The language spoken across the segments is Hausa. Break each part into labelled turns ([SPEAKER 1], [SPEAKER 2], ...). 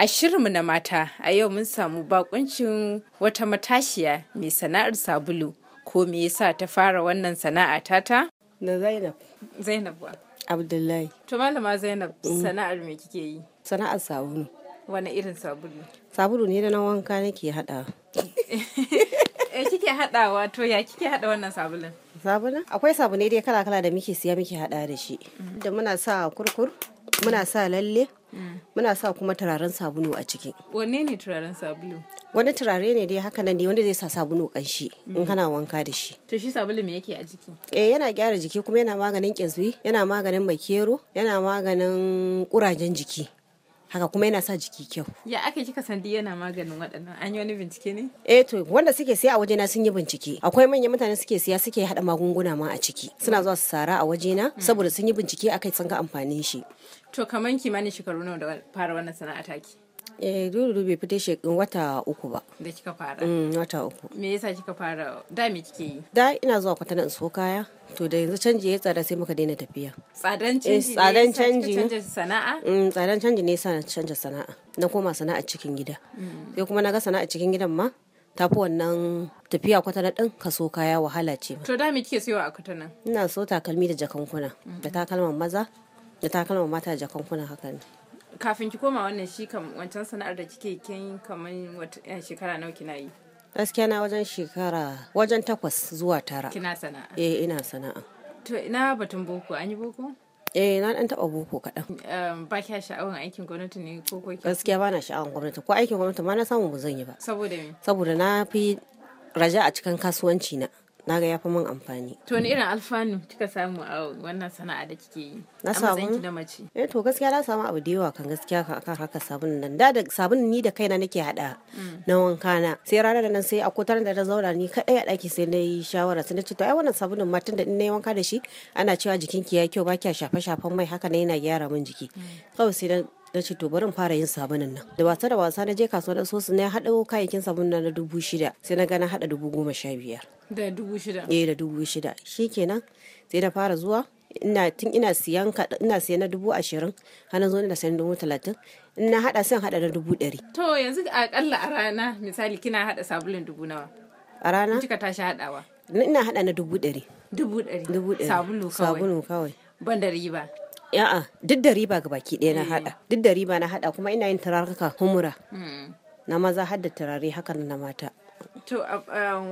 [SPEAKER 1] A shirinmu na mata, a yau mun samu bakuncin wata matashiya mai sana'ar sabulu. Ko me yasa ta fara wannan sana'a tata? Da Zainab. Zainab wa?
[SPEAKER 2] Abdullahi.
[SPEAKER 1] To malama Zainab, mm. sana'ar me kike yi?
[SPEAKER 2] Sana'ar sabulu.
[SPEAKER 1] Wani irin sabulu?
[SPEAKER 2] Sabulu ne da na wanka nake hada.
[SPEAKER 1] Eh kike hadawa to ya kike hada wannan sabulun?
[SPEAKER 2] Sabulun? Akwai sabulai dai kala-kala da muke siya muke hada da shi. Mm. Da muna sa kurkur, muna sa lalle muna sa kuma turaren sabulu a ciki
[SPEAKER 1] wanne ne turaren sabulu
[SPEAKER 2] wani turare ne dai haka nan ne wanda zai sa sabulu kanshi in kana wanka da shi
[SPEAKER 1] to shi sabulu me yake a jiki
[SPEAKER 2] eh yana gyara jiki kuma yana maganin kinsu yana maganin makero yana maganin kurajen jiki haka kuma yana sa jiki kyau
[SPEAKER 1] ya aka kika san yana maganin waɗannan an yi wani bincike ne
[SPEAKER 2] eh to wanda suke siya a wajena sun yi bincike akwai manyan mutane suke siya suke haɗa magunguna ma a ciki suna zuwa su sara a wajena hmm. saboda sun yi bincike akai sun ga amfanin shi
[SPEAKER 1] to kamar kimanin shekaru nawa da fara wannan sana'a take.
[SPEAKER 2] eh dudu bai fita shekin wata uku ba da kika fara mm, wata uku
[SPEAKER 1] me yasa kika fara da me kike yi
[SPEAKER 2] da ina zuwa kwatana in so kaya to da yanzu canji ya tsada sai muka daina tafiya
[SPEAKER 1] tsadan eh, canji tsadan canji canja sana'a
[SPEAKER 2] mm, tsadan canji ne sa canja sana'a na koma sana'a cikin gida mm. sai kuma na ga sana'a cikin gidan ma tafi wannan tafiya kwatana din kaso kaya wahala ce to
[SPEAKER 1] da me kike sayo a kwatana
[SPEAKER 2] ina so takalmi da jakankuna da mm. takalman maza da takalman mata da jakankuna haka ne
[SPEAKER 1] kafin ki koma wannan shi kam wancan sana'ar da kike kin kamar eh, shekara nawa kina yi
[SPEAKER 2] gaskiya na wajen shekara wajen takwas zuwa tara kina sana'a eh ina sana'a
[SPEAKER 1] to ina batun boko an yi boko
[SPEAKER 2] eh na dan taba boko kadan.
[SPEAKER 1] ba kya sha'awar aikin gwamnati ne ko ko gaskiya
[SPEAKER 2] ba na sha'awar gwamnati ko aikin gwamnati ma na samu ba zan yi ba saboda me saboda na fi raja a cikin kasuwanci na na ga yafi min amfani to ne
[SPEAKER 1] irin alfanu kika samu a wannan sana'a
[SPEAKER 2] da kike yi na samu na mace eh to gaskiya na samu abu da yawa kan gaskiya kan haka sabon nan da da sabon ni da kaina nake hada mm. na wanka na sai ranar da nan sai a kotar da na zauna ni kadai a daki sai na yi shawara sai na ce to ai wannan sabunin matan da in na yi wanka da shi ana cewa jikinki ya kyau ba kya shafa shafan mai haka ne yana gyara min jiki mm. kawai sai na ce to bari in fara yin sabunan nan da wasa da wasa na je kasuwar sosu na haɗo kayayyakin sabunin na dubu shida sai na gana haɗa dubu goma sha biyar
[SPEAKER 1] da dubu shida eh
[SPEAKER 2] da dubu shida Shi kenan, sai na fara zuwa ina tun ina siyan ina siyan na dubu ashirin hana zo na sayan dubu talatin ina haɗa sai haɗa na dubu ɗari
[SPEAKER 1] to yanzu a ƙalla a rana misali kina haɗa sabulun dubu nawa
[SPEAKER 2] a rana kika tashi haɗawa ina haɗa na dubu ɗari dubu ɗari sabulu kawai sabulu kawai ban da riba Ya'a duk da riba ga baki ɗaya na eh. haɗa duk da riba na haɗa kuma ina yin turaruka humura hmm. na maza har da turare hakan na mata.
[SPEAKER 1] To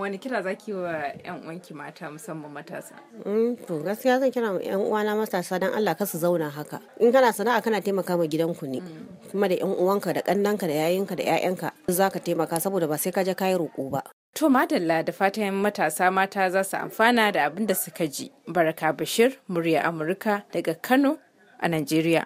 [SPEAKER 1] wani kira za ki wa 'yan uwanki mata musamman matasa?
[SPEAKER 2] Mm, to gaskiya zan kira 'yan uwana matasa don Allah ka su zauna haka. In kana sana'a kana taimaka ma gidanku ne. Hmm. Kuma da 'yan uwanka da kannanka da yayinka da 'ya'yanka za ka taimaka saboda ba sai ka je yi roƙo ba. To madalla da
[SPEAKER 1] fatan matasa mata za su amfana da abin da suka ji. Baraka Bashir, murya Amurka daga Kano and Nigeria.